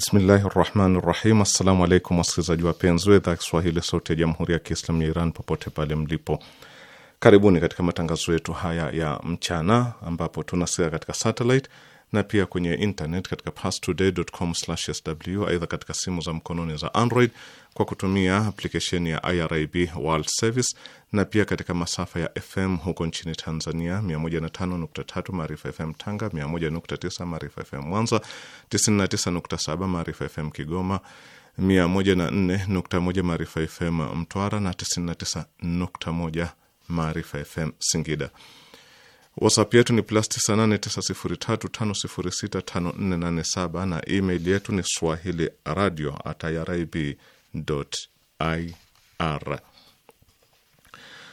Bismillahi rahmani rahim. Assalamu alaikum waskilizaji wapenzi wa idhaa Kiswahili sauti ya jamhuri ya kiislam ya Iran popote pale mlipo, karibuni katika matangazo yetu haya ya mchana ambapo tunasika katika satellite na pia kwenye internet katika pastoday.com/sw. Aidha, katika simu za mkononi za Android kwa kutumia aplikesheni ya IRIB World Service na pia katika masafa ya FM huko nchini Tanzania, 105.3 Maarifa FM Tanga, 101.9 Maarifa FM Mwanza, 99.7 Maarifa FM Kigoma, 104.1 Maarifa FM Mtwara na 99.1 Maarifa FM Singida. WhatsApp yetu ni plus 989035065487 na email yetu ni swahili radio at irib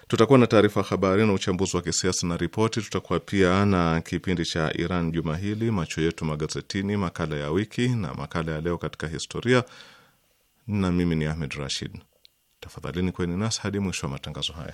Tutakuwa na taarifa habari na uchambuzi wa kisiasa na ripoti. Tutakuwa pia na kipindi cha Iran juma hili, macho yetu magazetini, makala ya wiki na makala ya leo katika historia, na mimi ni Ahmed Rashid. Tafadhalini kweni nasi hadi mwisho wa matangazo haya.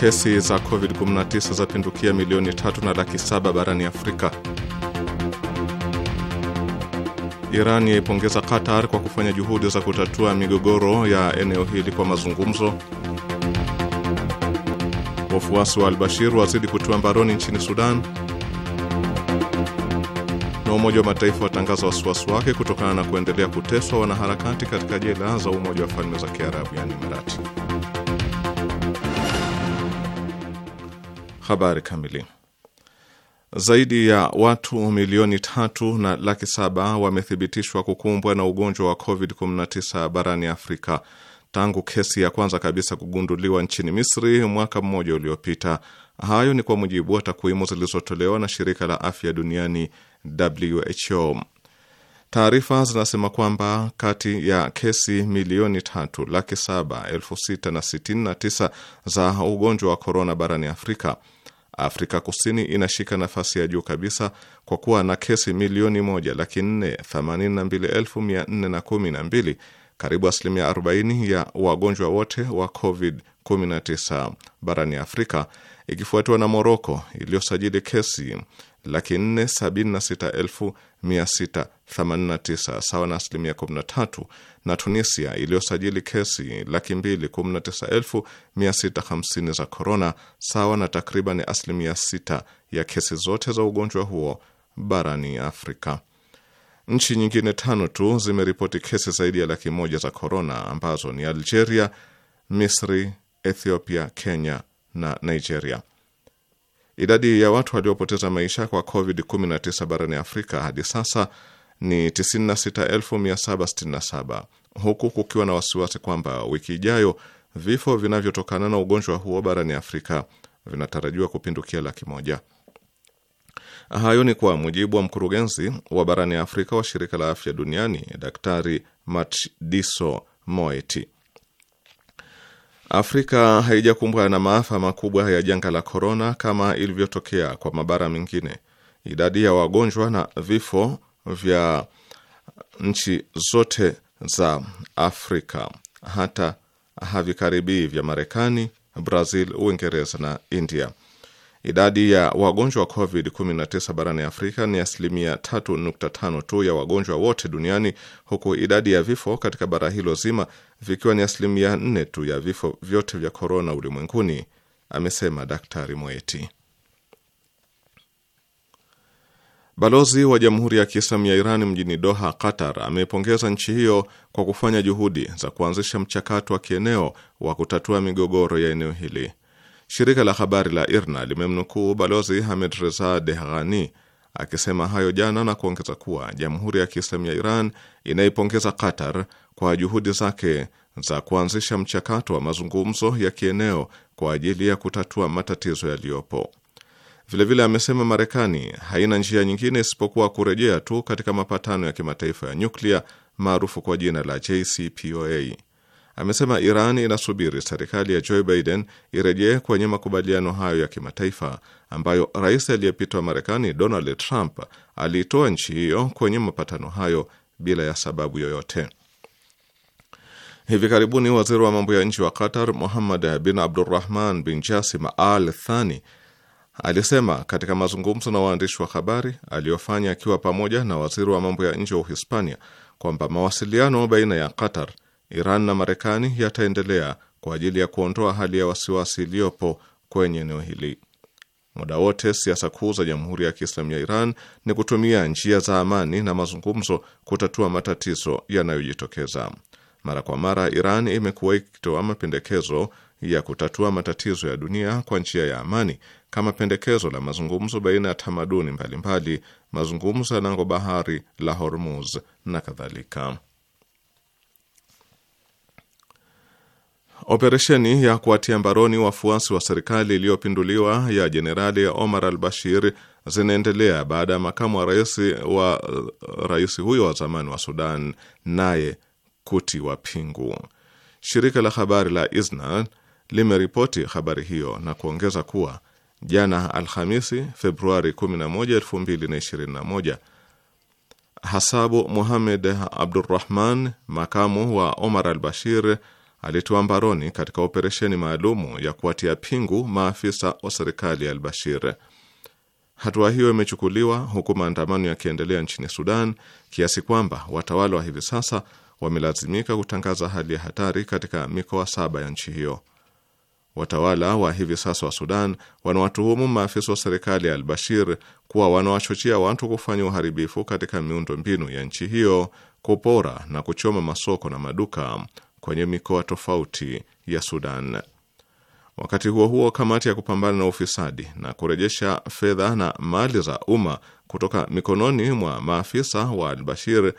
kesi za COVID-19 zapindukia milioni tatu na laki saba barani Afrika. Iran yaipongeza Qatar kwa kufanya juhudi za kutatua migogoro ya eneo hili kwa mazungumzo. Wafuasi wa Albashir wazidi kutiwa mbaroni nchini Sudan, na Umoja wa Mataifa watangaza wasiwasi wake kutokana na kuendelea kuteswa wanaharakati katika jela za Umoja wa Falme za Kiarabu, yani Emirati. Habari kamili. Zaidi ya watu milioni tatu na laki saba wamethibitishwa kukumbwa na ugonjwa wa COVID-19 barani Afrika tangu kesi ya kwanza kabisa kugunduliwa nchini Misri mwaka mmoja uliopita. Hayo ni kwa mujibu wa takwimu zilizotolewa na shirika la afya duniani WHO. Taarifa zinasema kwamba kati ya kesi milioni tatu laki saba elfu sita na sitini na tisa za ugonjwa wa korona barani Afrika Afrika Kusini inashika nafasi ya juu kabisa kwa kuwa na kesi milioni moja laki nne themanini na mbili elfu mia nne na kumi na mbili, karibu asilimia 40 ya wagonjwa wote wa COVID-19 barani Afrika, ikifuatiwa na Moroko iliyosajili kesi laki nne sabini na sita elfu mia sita themanini na tisa sawa na asilimia kumi na tatu na Tunisia iliyosajili kesi laki mbili kumi na tisa elfu mia sita hamsini za korona sawa na takriban asilimia sita ya kesi zote za ugonjwa huo barani Afrika. Nchi nyingine tano tu zimeripoti kesi zaidi ya laki moja za korona ambazo ni Algeria, Misri, Ethiopia, Kenya na Nigeria. Idadi ya watu waliopoteza maisha kwa COVID-19 barani Afrika hadi sasa ni 96767 huku kukiwa na wasiwasi kwamba wiki ijayo vifo vinavyotokana na ugonjwa huo barani Afrika vinatarajiwa kupindukia laki moja. Hayo ni kwa mujibu wa mkurugenzi wa barani Afrika wa shirika la afya duniani Daktari Matshidiso Moeti. Afrika haijakumbwa na maafa makubwa ya janga la korona kama ilivyotokea kwa mabara mengine. Idadi ya wagonjwa na vifo vya nchi zote za Afrika hata havikaribii vya Marekani, Brazil, Uingereza na India. Idadi ya wagonjwa wa COVID-19 barani Afrika ni asilimia 3.5 tu ya wagonjwa wote duniani, huku idadi ya vifo katika bara hilo zima vikiwa ni asilimia 4 tu ya vifo vyote vya korona ulimwenguni, amesema Daktari Moeti. Balozi wa Jamhuri ya Kiislamu ya Iran mjini Doha, Qatar, ameipongeza nchi hiyo kwa kufanya juhudi za kuanzisha mchakato wa kieneo wa kutatua migogoro ya eneo hili. Shirika la habari la IRNA limemnukuu Balozi Hamid Reza Dehghani akisema hayo jana na kuongeza kuwa Jamhuri ya Kiislamu ya Iran inaipongeza Qatar kwa juhudi zake za kuanzisha mchakato wa mazungumzo ya kieneo kwa ajili ya kutatua matatizo yaliyopo. Vilevile amesema Marekani haina njia nyingine isipokuwa kurejea tu katika mapatano ya kimataifa ya nyuklia maarufu kwa jina la JCPOA amesema Iran inasubiri serikali ya Joe Biden irejee kwenye makubaliano hayo ya kimataifa ambayo rais aliyepita wa Marekani Donald Trump aliitoa nchi hiyo kwenye mapatano hayo bila ya sababu yoyote. Hivi karibuni waziri wa mambo ya nchi wa Qatar Muhammad bin Abdurrahman bin Jasim Al Thani alisema katika mazungumzo na waandishi wa habari aliyofanya akiwa pamoja na waziri wa mambo ya nje wa Uhispania kwamba mawasiliano baina ya Qatar Iran na Marekani yataendelea kwa ajili ya kuondoa hali ya wasiwasi iliyopo kwenye eneo hili. Muda wote siasa kuu za Jamhuri ya Kiislamu ya Iran ni kutumia njia za amani na mazungumzo kutatua matatizo yanayojitokeza. Mara kwa mara, Iran imekuwa ikitoa mapendekezo ya kutatua matatizo ya dunia kwa njia ya amani, kama pendekezo la mazungumzo baina ya tamaduni mbalimbali, mazungumzo ya lango bahari la Hormuz na kadhalika. Operesheni ya kuwatia mbaroni wafuasi wa serikali iliyopinduliwa ya Jenerali Omar al Bashir zinaendelea baada ya makamu wa rais wa rais huyo wa zamani wa Sudan naye kutiwa pingu. Shirika la habari la ISNA limeripoti habari hiyo na kuongeza kuwa jana Alhamisi, Februari 11, 2021 Hasabu Muhamed Abdurrahman, makamu wa Omar al Bashir alitiwa mbaroni katika operesheni maalumu ya kuwatia pingu maafisa wa serikali ya Albashir. Hatua hiyo imechukuliwa huku maandamano yakiendelea nchini Sudan kiasi kwamba watawala wa hivi sasa wamelazimika kutangaza hali ya hatari katika mikoa saba ya nchi hiyo. Watawala wa hivi sasa wa Sudan wanawatuhumu maafisa wa serikali ya Albashir kuwa wanawachochea watu kufanya uharibifu katika miundo mbinu ya nchi hiyo, kupora na kuchoma masoko na maduka kwenye mikoa tofauti ya Sudan. Wakati huo huo, kamati ya kupambana na ufisadi na kurejesha fedha na mali za umma kutoka mikononi mwa maafisa wa al-Bashir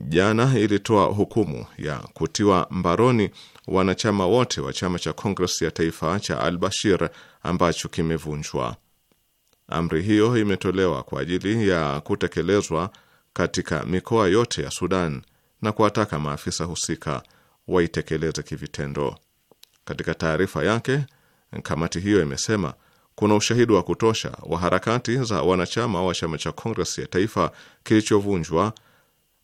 jana ilitoa hukumu ya kutiwa mbaroni wanachama wote wa chama cha Kongres ya Taifa cha al-Bashir ambacho kimevunjwa. Amri hiyo imetolewa kwa ajili ya kutekelezwa katika mikoa yote ya Sudan na kuwataka maafisa husika waitekeleze kivitendo. Katika taarifa yake, kamati hiyo imesema kuna ushahidi wa kutosha wa harakati za wanachama wa chama cha kongres ya Taifa kilichovunjwa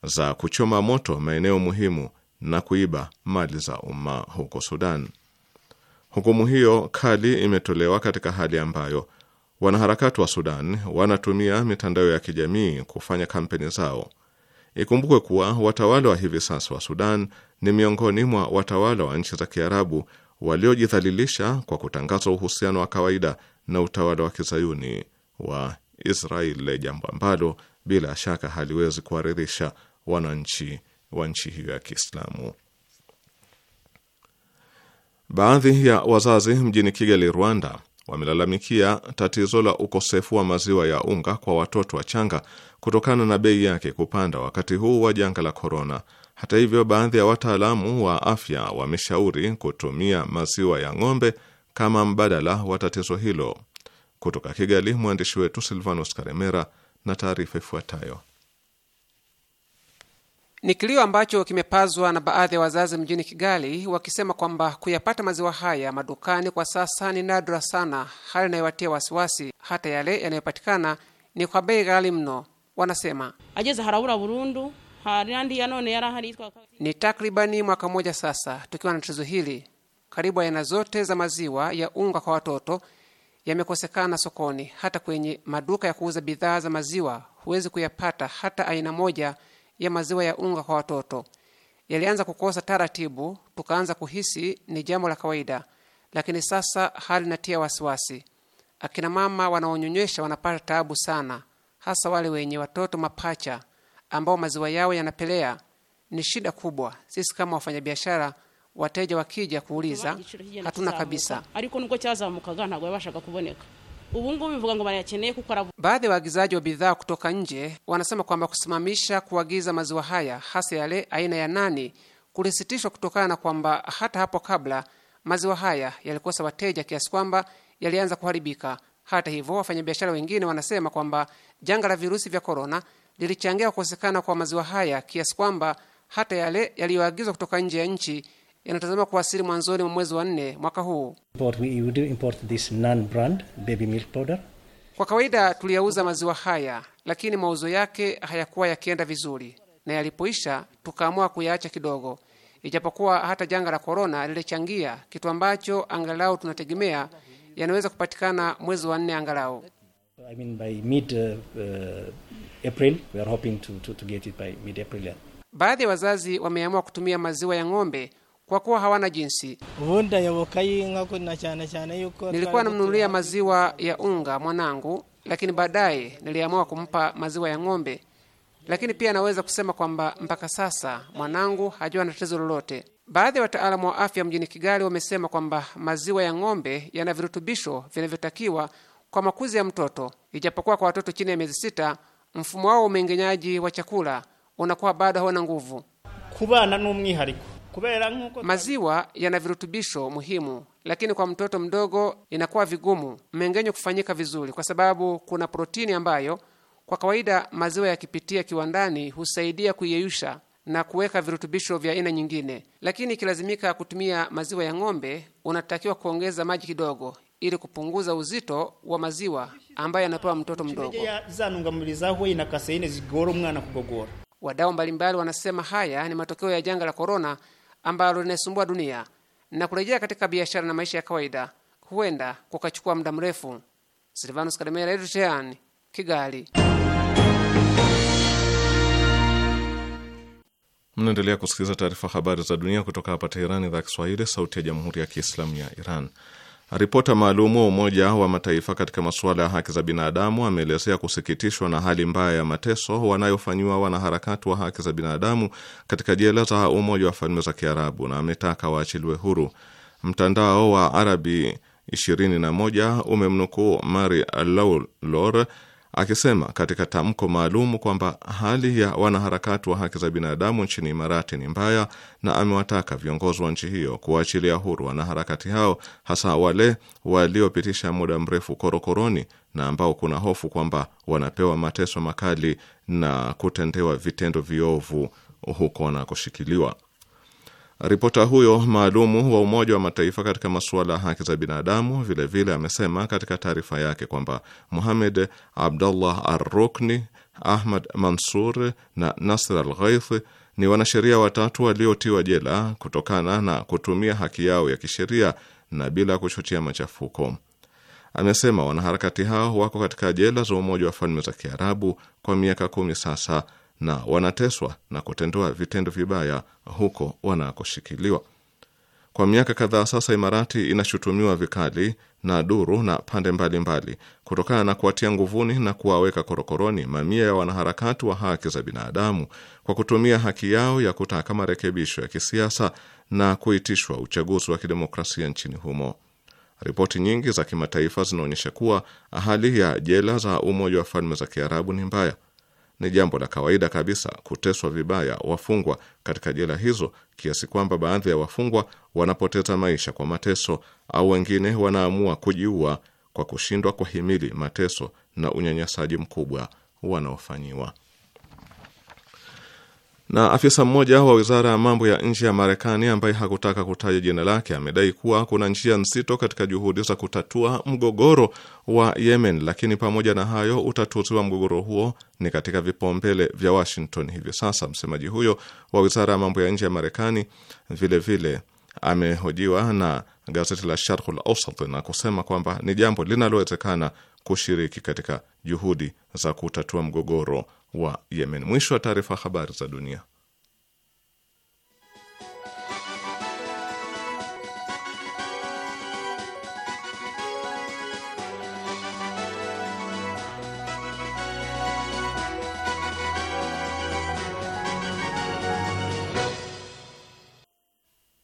za kuchoma moto maeneo muhimu na kuiba mali za umma huko Sudan. Hukumu hiyo kali imetolewa katika hali ambayo wanaharakati wa Sudan wanatumia mitandao ya kijamii kufanya kampeni zao Ikumbukwe kuwa watawala wa hivi sasa wa Sudan ni miongoni mwa watawala wa nchi za Kiarabu waliojidhalilisha kwa kutangaza uhusiano wa kawaida na utawala wa kizayuni wa Israel, jambo ambalo bila shaka haliwezi kuwaridhisha wananchi wa nchi hiyo ya Kiislamu. Baadhi ya wazazi mjini Kigali, Rwanda, wamelalamikia tatizo la ukosefu wa maziwa ya unga kwa watoto wachanga kutokana na bei yake kupanda wakati huu wa janga la korona. Hata hivyo, baadhi ya wataalamu wa afya wameshauri kutumia maziwa ya ng'ombe kama mbadala wa tatizo hilo. Kutoka Kigali, mwandishi wetu Silvanos Karemera na taarifa ifuatayo. Ni kilio ambacho kimepazwa na baadhi ya wazazi mjini Kigali, wakisema kwamba kuyapata maziwa haya madukani kwa sasa ni nadra sana, hali inayowatia wasiwasi. Hata yale yanayopatikana ni kwa bei ghali mno wanasema ajeza harabura burundu harandi ya none Ni takribani mwaka mmoja sasa tukiwa na tatizo hili. Karibu aina zote za maziwa ya unga kwa watoto yamekosekana sokoni. Hata kwenye maduka ya kuuza bidhaa za maziwa huwezi kuyapata hata aina moja ya maziwa ya unga kwa watoto. Yalianza kukosa taratibu, tukaanza kuhisi ni jambo la kawaida, lakini sasa hali inatia wasiwasi. Akina mama wanaonyonyesha wanapata taabu sana, hasa wale wenye watoto mapacha ambao maziwa yao yanapelea. Ni shida kubwa. Sisi kama wafanyabiashara, wateja wakija kuuliza, hatuna kabisa. Baadhi ya waagizaji wa bidhaa kutoka nje wanasema kwamba kusimamisha kuagiza maziwa haya hasa yale aina ya nani kulisitishwa kutokana na kwamba hata hapo kabla maziwa haya yalikosa wateja kiasi kwamba yalianza kuharibika. Hata hivyo, wafanyabiashara wengine wanasema kwamba janga la virusi vya korona lilichangia kukosekana kwa maziwa haya kiasi kwamba hata yale yaliyoagizwa kutoka nje ya nchi yanatazama kuwasili mwanzoni mwa mwezi wa nne mwaka huu. Kwa kawaida tuliyauza maziwa haya, lakini mauzo yake hayakuwa yakienda vizuri, na yalipoisha tukaamua kuyaacha kidogo, ijapokuwa hata janga la korona lilichangia, kitu ambacho angalau tunategemea yanaweza kupatikana mwezi wa nne angalau. I mean by mid, uh, uh, April, we are hoping to, to, to get it by mid April, yeah. Baadhi ya wazazi wameamua kutumia maziwa ya ng'ombe kwa kuwa hawana jinsi. Nilikuwa namnunulia maziwa ya unga mwanangu, lakini baadaye niliamua kumpa maziwa ya ng'ombe. Lakini pia naweza kusema kwamba mpaka sasa mwanangu hajua na tatizo lolote. Baadhi ya wataalamu wa afya mjini Kigali wamesema kwamba maziwa ya ng'ombe yana virutubisho vinavyotakiwa kwa makuzi ya mtoto, ijapokuwa kwa watoto chini ya miezi sita mfumo wao wa umeng'enyaji wa chakula unakuwa bado hawana nguvu. Kubana n'umwihariko maziwa yana virutubisho muhimu, lakini kwa mtoto mdogo inakuwa vigumu mmeng'enyo kufanyika vizuri, kwa sababu kuna protini ambayo kwa kawaida maziwa yakipitia kiwandani husaidia kuiyeyusha na kuweka virutubisho vya aina nyingine, lakini ikilazimika kutumia maziwa ya ng'ombe, unatakiwa kuongeza maji kidogo ili kupunguza uzito wa maziwa ambayo anapewa mtoto mdogo. Wadau mbalimbali wanasema haya ni matokeo ya janga la korona ambalo linaisumbua dunia na kurejea katika biashara na maisha ya kawaida huenda kukachukua muda mrefu. Silvanus Kademera, Kigali. Mnaendelea kusikiliza taarifa habari za dunia kutoka hapa Teherani, idhaa Kiswahili, sauti ya jamhuri ya kiislamu ya Iran. Ripota maalumu wa Umoja wa Mataifa katika masuala ya haki za binadamu ameelezea kusikitishwa na hali mbaya ya mateso wanayofanyiwa wanaharakati wa haki za binadamu katika jela za Umoja wa Falme za Kiarabu na ametaka waachiliwe huru. Mtandao wa Arabi 21 umemnukuu Mari Lawlor akisema katika tamko maalum kwamba hali ya wanaharakati wa haki za binadamu nchini Imarati ni mbaya, na amewataka viongozi wa nchi hiyo kuwaachilia huru wanaharakati hao, hasa wale waliopitisha muda mrefu korokoroni na ambao kuna hofu kwamba wanapewa mateso makali na kutendewa vitendo viovu huko wanakoshikiliwa. Ripota huyo maalumu wa Umoja wa Mataifa katika masuala ya haki za binadamu vilevile vile amesema katika taarifa yake kwamba Muhamed Abdullah Arrukni, Ahmad Mansur na Nasr Al Ghaith ni wanasheria watatu waliotiwa jela kutokana na kutumia haki yao ya kisheria na bila kuchochea machafuko. Amesema wanaharakati hao wako katika jela za Umoja wa Falme za Kiarabu kwa miaka kumi sasa na wanateswa na kutendewa vitendo vibaya huko wanakoshikiliwa. Kwa miaka kadhaa sasa, Imarati inashutumiwa vikali na duru na pande mbalimbali mbali, kutokana na kuwatia nguvuni na kuwaweka korokoroni mamia ya wanaharakati wa haki za binadamu kwa kutumia haki yao ya kutaka marekebisho ya kisiasa na kuitishwa uchaguzi wa kidemokrasia nchini humo. Ripoti nyingi za kimataifa zinaonyesha kuwa hali ya jela za Umoja wa Falme za Kiarabu ni mbaya ni jambo la kawaida kabisa kuteswa vibaya wafungwa katika jela hizo, kiasi kwamba baadhi ya wafungwa wanapoteza maisha kwa mateso au wengine wanaamua kujiua kwa kushindwa kuhimili mateso na unyanyasaji mkubwa wanaofanyiwa. Na afisa mmoja wa wizara ya mambo ya nje ya Marekani ambaye hakutaka kutaja jina lake amedai kuwa kuna njia nzito katika juhudi za kutatua mgogoro wa Yemen, lakini pamoja na hayo utatuzi wa mgogoro huo ni katika vipaumbele vya Washington hivi sasa. Msemaji huyo wa wizara ya mambo ya nje ya Marekani vilevile amehojiwa na gazeti la Sharq al-Awsat na kusema kwamba ni jambo linalowezekana kushiriki katika juhudi za kutatua mgogoro wa Yemen. Mwisho wa taarifa. Habari za dunia.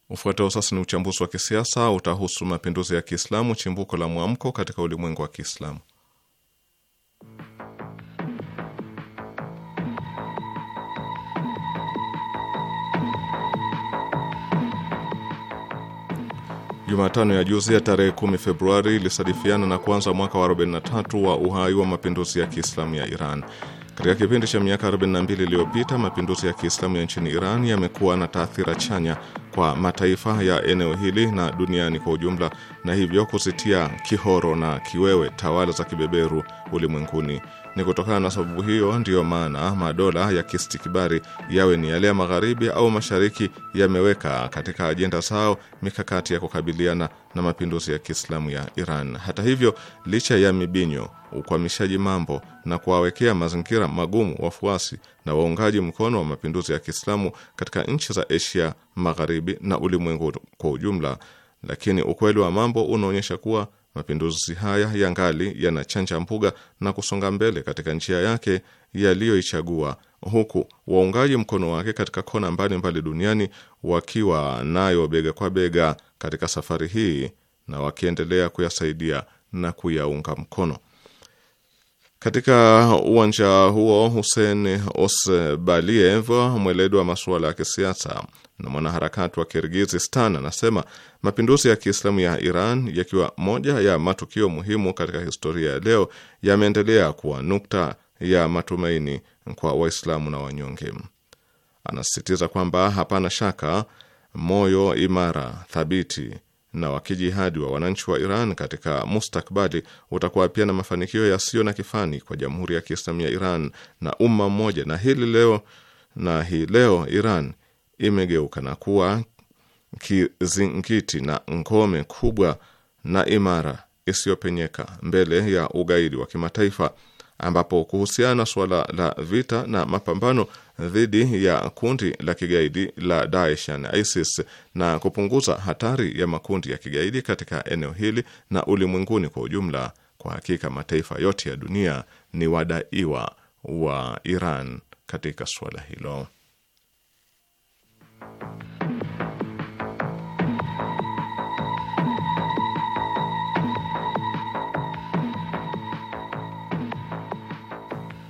Ufuatao sasa ni uchambuzi wa kisiasa, utahusu mapinduzi ya Kiislamu, chimbuko la mwamko katika ulimwengu wa Kiislamu. Jumatano ya juzi ya tarehe 10 Februari ilisadifiana na kuanza mwaka wa 43 wa uhai wa mapinduzi ya Kiislamu ya Iran. Katika kipindi cha miaka 42 iliyopita, mapinduzi ya Kiislamu ya nchini Iran yamekuwa na taathira chanya kwa mataifa ya eneo hili na duniani kwa ujumla, na hivyo kuzitia kihoro na kiwewe tawala za kibeberu ulimwenguni. Ni kutokana na sababu hiyo ndiyo maana madola ya kistikibari yawe ni yale ya magharibi au mashariki yameweka katika ajenda zao mikakati ya kukabiliana na mapinduzi ya Kiislamu ya Iran. Hata hivyo, licha ya mibinyo, ukwamishaji mambo na kuwawekea mazingira magumu wafuasi na waungaji mkono wa mapinduzi ya Kiislamu katika nchi za Asia Magharibi na ulimwengu kwa ujumla, lakini ukweli wa mambo unaonyesha kuwa Mapinduzi haya yangali yanachanja mbuga na kusonga mbele katika njia yake yaliyoichagua, huku waungaji mkono wake katika kona mbalimbali duniani wakiwa nayo bega kwa bega katika safari hii na wakiendelea kuyasaidia na kuyaunga mkono. Katika uwanja huo Hussein Osbaliev, mweledi wa masuala ya kisiasa na mwanaharakati wa Kirgizistan, anasema mapinduzi ya Kiislamu ya Iran yakiwa moja ya matukio muhimu katika historia ya leo, yameendelea kuwa nukta ya matumaini kwa Waislamu na wanyonge. Anasisitiza kwamba hapana shaka moyo imara, thabiti na wa kijihadi wa wananchi wa Iran katika mustakbali utakuwa pia na mafanikio yasiyo na kifani kwa Jamhuri ya Kiislamu ya Iran na umma mmoja. Na hili leo na hii leo Iran imegeuka na kuwa kizingiti na ngome kubwa na imara isiyopenyeka mbele ya ugaidi wa kimataifa ambapo kuhusiana na suala la vita na mapambano dhidi ya kundi la kigaidi la Daesh yani ISIS na kupunguza hatari ya makundi ya kigaidi katika eneo hili na ulimwenguni kwa ujumla. Kwa hakika mataifa yote ya dunia ni wadaiwa wa Iran katika suala hilo.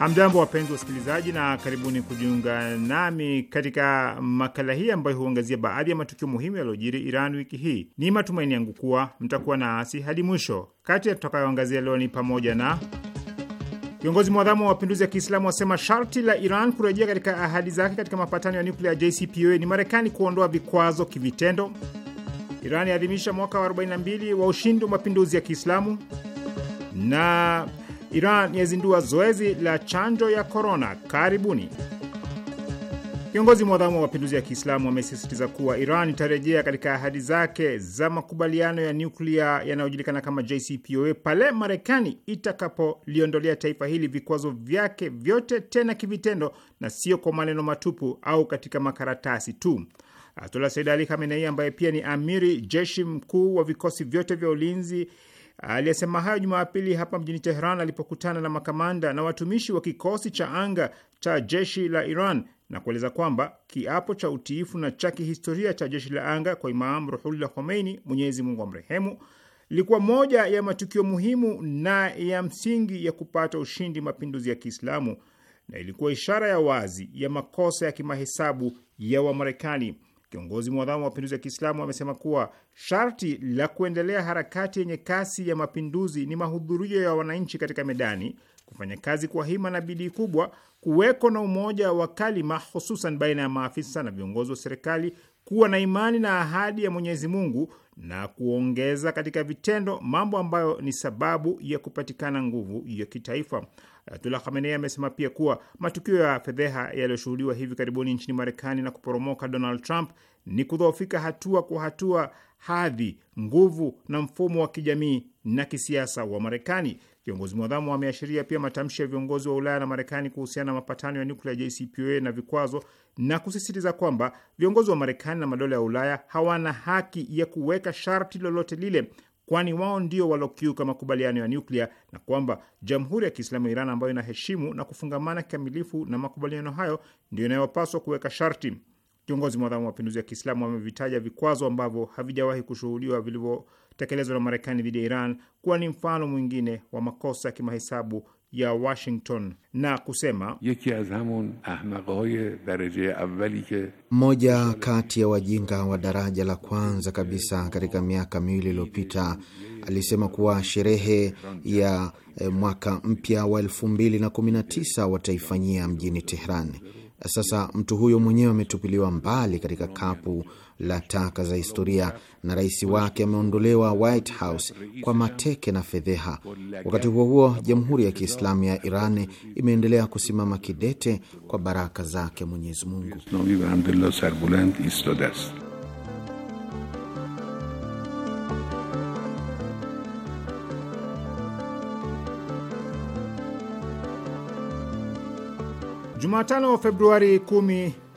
Hamjambo, wapenzi wasikilizaji, na karibuni kujiunga nami katika makala hii ambayo huangazia baadhi ya matukio muhimu yaliyojiri Iran wiki hii. Ni matumaini yangu kuwa mtakuwa nasi hadi mwisho. Kati ya tutakayoangazia leo ni pamoja na Kiongozi mwadhamu wa mapinduzi ya Kiislamu wasema sharti la Iran kurejea katika ahadi zake katika mapatano ya nyuklia JCPOA ni Marekani kuondoa vikwazo kivitendo. Iran yaadhimisha mwaka wa 42 wa ushindi wa mapinduzi ya Kiislamu, na Iran yazindua zoezi la chanjo ya korona. Karibuni. Kiongozi mwadhamu wa mapinduzi ya Kiislamu amesisitiza kuwa Iran itarejea katika ahadi zake za makubaliano ya nyuklia yanayojulikana kama JCPOA pale Marekani itakapoliondolea taifa hili vikwazo vyake vyote, tena kivitendo na sio kwa maneno matupu au katika makaratasi tu. Ayatullah Said Ali Khamenei ambaye pia ni amiri jeshi mkuu wa vikosi vyote vya ulinzi Aliyesema hayo Jumapili hapa mjini teheran alipokutana na makamanda na watumishi wa kikosi cha anga cha jeshi la Iran na kueleza kwamba kiapo cha utiifu na cha kihistoria cha jeshi la anga kwa Imam Ruhullah Khomeini, Mwenyezi Mungu amrehemu, ilikuwa moja ya matukio muhimu na ya msingi ya kupata ushindi mapinduzi ya Kiislamu na ilikuwa ishara ya wazi ya makosa ya kimahesabu ya Wamarekani. Kiongozi mwadhamu wa mapinduzi ya Kiislamu amesema kuwa sharti la kuendelea harakati yenye kasi ya mapinduzi ni mahudhurio ya wananchi katika medani, kufanya kazi kwa hima na bidii kubwa, kuweko na umoja wa kalima, hususan baina ya maafisa na viongozi wa serikali, kuwa na imani na ahadi ya Mwenyezi Mungu na kuongeza katika vitendo mambo ambayo ni sababu ya kupatikana nguvu ya kitaifa. Ayatullah Khamenei amesema pia kuwa matukio ya fedheha yaliyoshuhudiwa hivi karibuni nchini Marekani na kuporomoka Donald Trump ni kudhoofika hatua kwa hatua hadhi, nguvu na mfumo wa kijamii na kisiasa wa Marekani. Kiongozi mwadhamu ameashiria pia matamshi ya viongozi wa Ulaya na Marekani kuhusiana na mapatano ya nyuklia JCPOA na vikwazo, na kusisitiza kwamba viongozi wa Marekani na madola ya Ulaya hawana haki ya kuweka sharti lolote lile kwani wao ndio waliokiuka makubaliano ya nyuklia na kwamba Jamhuri ya Kiislamu ya Iran ambayo inaheshimu na kufungamana kikamilifu na makubaliano hayo ndio inayopaswa kuweka sharti. Kiongozi mwadhamu wa mapinduzi ya Kiislamu amevitaja vikwazo ambavyo havijawahi kushuhudiwa vilivyotekelezwa na Marekani dhidi ya Iran kuwa ni mfano mwingine wa makosa ya kimahesabu ya Washington na kusema mmoja kati ya wajinga wa daraja la kwanza kabisa katika miaka miwili iliyopita alisema kuwa sherehe ya eh, mwaka mpya wa 219 wataifanyia mjini Tehran. Sasa mtu huyo mwenyewe ametupiliwa mbali katika kapu la taka za historia na rais wake ameondolewa White House kwa mateke na fedheha. Wakati huo huo, Jamhuri ya Kiislamu ya Iran imeendelea kusimama kidete kwa baraka zake Mwenyezi Mungu. Jumatano Februari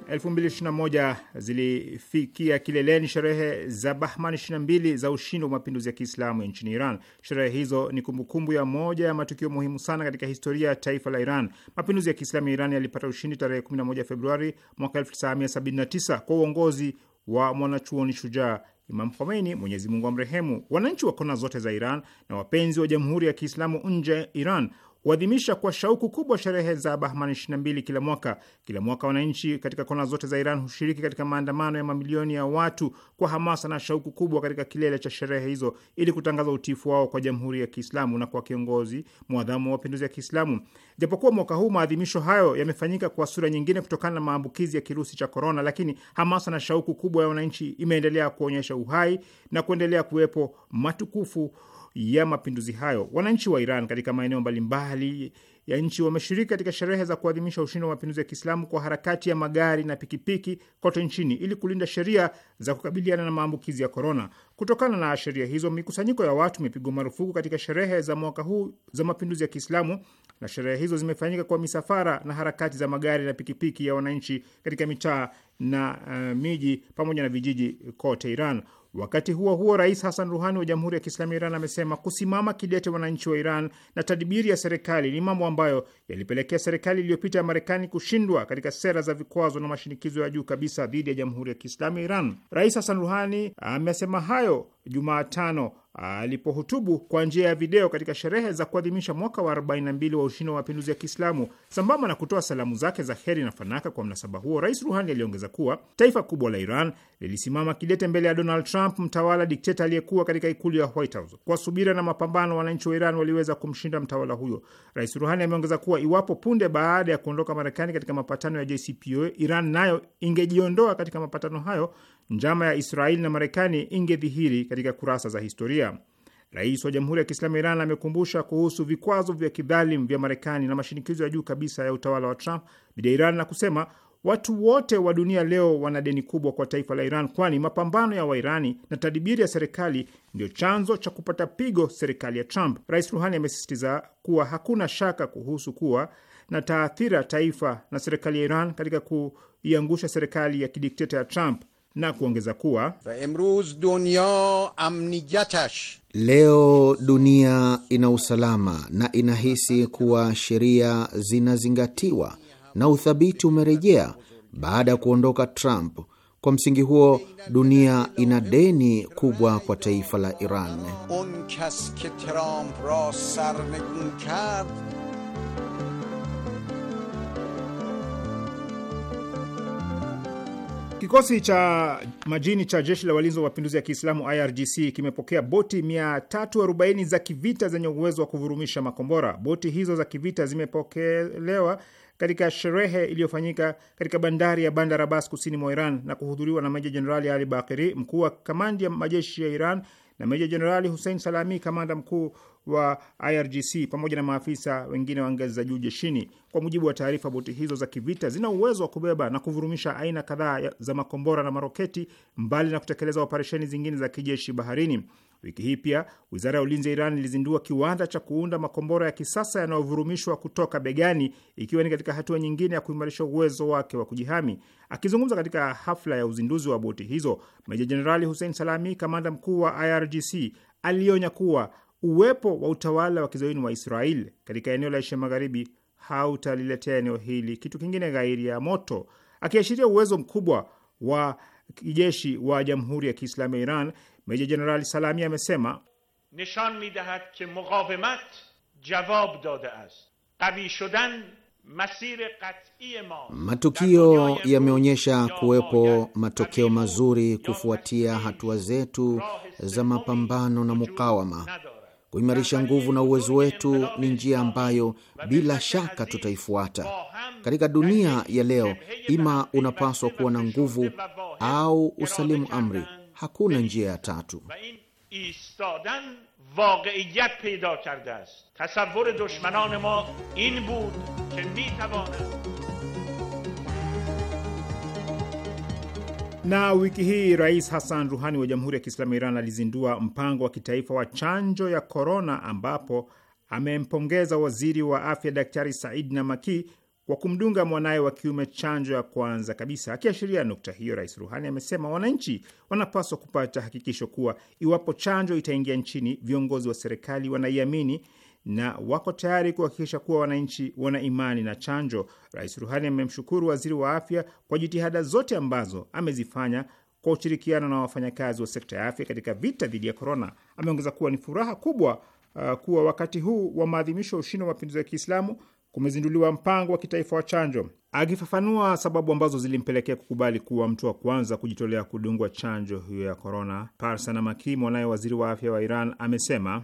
2021 zilifikia kileleni sherehe za Bahman 22 za ushindi wa mapinduzi ya Kiislamu nchini Iran. Sherehe hizo ni kumbukumbu ya moja ya matukio muhimu sana katika historia ya taifa la Iran. Mapinduzi ya Kiislamu ya Iran yalipata ushindi tarehe 11 Februari mwaka 1979 kwa uongozi wa mwanachuoni shujaa Imam Khomeini, Mwenyezi Mungu amrehemu. Wananchi wa kona zote za Iran na wapenzi wa Jamhuri ya Kiislamu nje Iran huadhimisha kwa shauku kubwa sherehe za Bahman 22 kila mwaka. Kila mwaka wananchi katika kona zote za Iran hushiriki katika maandamano ya mamilioni ya watu kwa hamasa na shauku kubwa katika kilele cha sherehe hizo, ili kutangaza utiifu wao kwa Jamhuri ya Kiislamu na kwa kiongozi mwadhamu wa mapinduzi ya Kiislamu. Japokuwa mwaka huu maadhimisho hayo yamefanyika kwa sura nyingine kutokana na maambukizi ya kirusi cha korona, lakini hamasa na shauku kubwa ya wananchi imeendelea kuonyesha uhai na kuendelea kuwepo matukufu ya mapinduzi hayo. Wananchi wa Iran katika maeneo mbalimbali ya nchi wameshiriki katika sherehe za kuadhimisha ushindi wa mapinduzi ya Kiislamu kwa harakati ya magari na pikipiki kote nchini ili kulinda sheria za kukabiliana na maambukizi ya korona. Kutokana na sheria hizo, mikusanyiko ya watu imepigwa marufuku katika sherehe za mwaka huu za mapinduzi ya Kiislamu na sherehe hizo zimefanyika kwa misafara na harakati za magari na pikipiki ya wananchi katika mitaa na uh, miji pamoja na vijiji kote Iran. Wakati huo huo, Rais Hasan Ruhani wa Jamhuri ya Kiislamu ya Iran amesema kusimama kidete wananchi wa Iran na tadibiri ya serikali ni mambo ambayo yalipelekea serikali iliyopita ya Marekani kushindwa katika sera za vikwazo na mashinikizo ya juu kabisa dhidi ya Jamhuri ya Kiislamu ya Iran. Rais Hasan Ruhani amesema hayo Jumatano alipohutubu kwa njia ya video katika sherehe za kuadhimisha mwaka wa 42 wa ushindi wa mapinduzi ya Kiislamu. Sambamba na kutoa salamu zake za heri na fanaka kwa mnasaba huo, Rais Ruhani aliongeza kuwa taifa kubwa la Iran lilisimama kidete mbele ya Donald Trump, mtawala dikteta aliyekuwa katika ikulu ya White House. Kwa subira na mapambano, wananchi wa Iran waliweza kumshinda mtawala huyo. Rais Ruhani ameongeza kuwa iwapo punde baada ya kuondoka Marekani katika mapatano ya JCPOA, Iran nayo ingejiondoa katika mapatano hayo njama ya Israeli na Marekani ingedhihiri katika kurasa za historia. Rais wa Jamhuri ya Kiislamu ya Iran amekumbusha kuhusu vikwazo vya kidhalim vya Marekani na mashinikizo ya juu kabisa ya utawala wa Trump dhidi ya Iran na kusema watu wote wa dunia leo wana deni kubwa kwa taifa la Iran, kwani mapambano ya Wairani na tadibiri ya serikali ndiyo chanzo cha kupata pigo serikali ya Trump. Rais Ruhani amesisitiza kuwa hakuna shaka kuhusu kuwa na taathira taifa na serikali ya Iran katika kuiangusha serikali ya kidikteta ya Trump na kuongeza kuwa leo dunia ina usalama na inahisi kuwa sheria zinazingatiwa na uthabiti umerejea baada ya kuondoka Trump. Kwa msingi huo, dunia ina deni kubwa kwa taifa la Iran. Kikosi cha majini cha jeshi la walinzi wa mapinduzi ya Kiislamu IRGC kimepokea boti 340 za kivita zenye uwezo wa kuvurumisha makombora. Boti hizo za kivita zimepokelewa katika sherehe iliyofanyika katika bandari ya Bandar Abbas kusini mwa Iran na kuhudhuriwa na Meja Jenerali Ali Bakiri, mkuu wa kamandi ya majeshi ya Iran na Meja Jenerali Hussein Salami, kamanda mkuu wa IRGC pamoja na maafisa wengine wa ngazi za juu jeshini. Kwa mujibu wa taarifa, boti hizo za kivita zina uwezo wa kubeba na kuvurumisha aina kadhaa za makombora na maroketi, mbali na kutekeleza operesheni zingine za kijeshi baharini. Wiki hii pia wizara ya ulinzi ya Iran ilizindua kiwanda cha kuunda makombora ya kisasa yanayovurumishwa kutoka begani, ikiwa ni katika hatua nyingine ya kuimarisha uwezo wake wa kujihami. Akizungumza katika hafla ya uzinduzi wa boti hizo, Meja Jenerali Hussein Salami, kamanda mkuu wa IRGC, alionya kuwa uwepo wa utawala wa kizayuni wa Israel katika eneo la Asia Magharibi hautaliletea eneo hili kitu kingine ghairi ya moto, akiashiria uwezo mkubwa wa kijeshi wa Jamhuri ya Kiislamu ya Iran Meja Jenerali Salami amesema nishan midahad ke muqavemat jawab dade ast qawi shudan Matukio yameonyesha kuwepo matokeo mazuri kufuatia hatua zetu za mapambano na mukawama. Kuimarisha nguvu na uwezo wetu ni njia ambayo bila shaka tutaifuata. Katika dunia ya leo, ima unapaswa kuwa na nguvu au usalimu amri hakuna njia ya tatu. Na wiki hii Rais Hassan Ruhani wa Jamhuri ya Kiislamu ya Iran alizindua mpango wa kitaifa wa chanjo ya korona, ambapo amempongeza waziri wa afya Daktari Said Namaki kwa kumdunga mwanaye wa kiume chanjo ya kwanza kabisa. Akiashiria nukta hiyo, Rais Ruhani amesema wananchi wanapaswa kupata hakikisho kuwa iwapo chanjo itaingia nchini, viongozi wa serikali wanaiamini na wako tayari kuhakikisha kuwa wananchi wana imani na chanjo. Rais Ruhani amemshukuru waziri wa afya kwa jitihada zote ambazo amezifanya kwa ushirikiano na wafanyakazi wa sekta ya afya katika vita dhidi ya korona. Ameongeza kuwa ni furaha kubwa uh, kuwa wakati huu wa maadhimisho ya ushindi wa mapinduzi ya Kiislamu kumezinduliwa mpango wa kitaifa wa chanjo. Akifafanua sababu ambazo zilimpelekea kukubali kuwa mtu wa kwanza kujitolea kudungwa chanjo hiyo ya korona, Parsa makimu mwanaye waziri wa afya wa Iran, amesema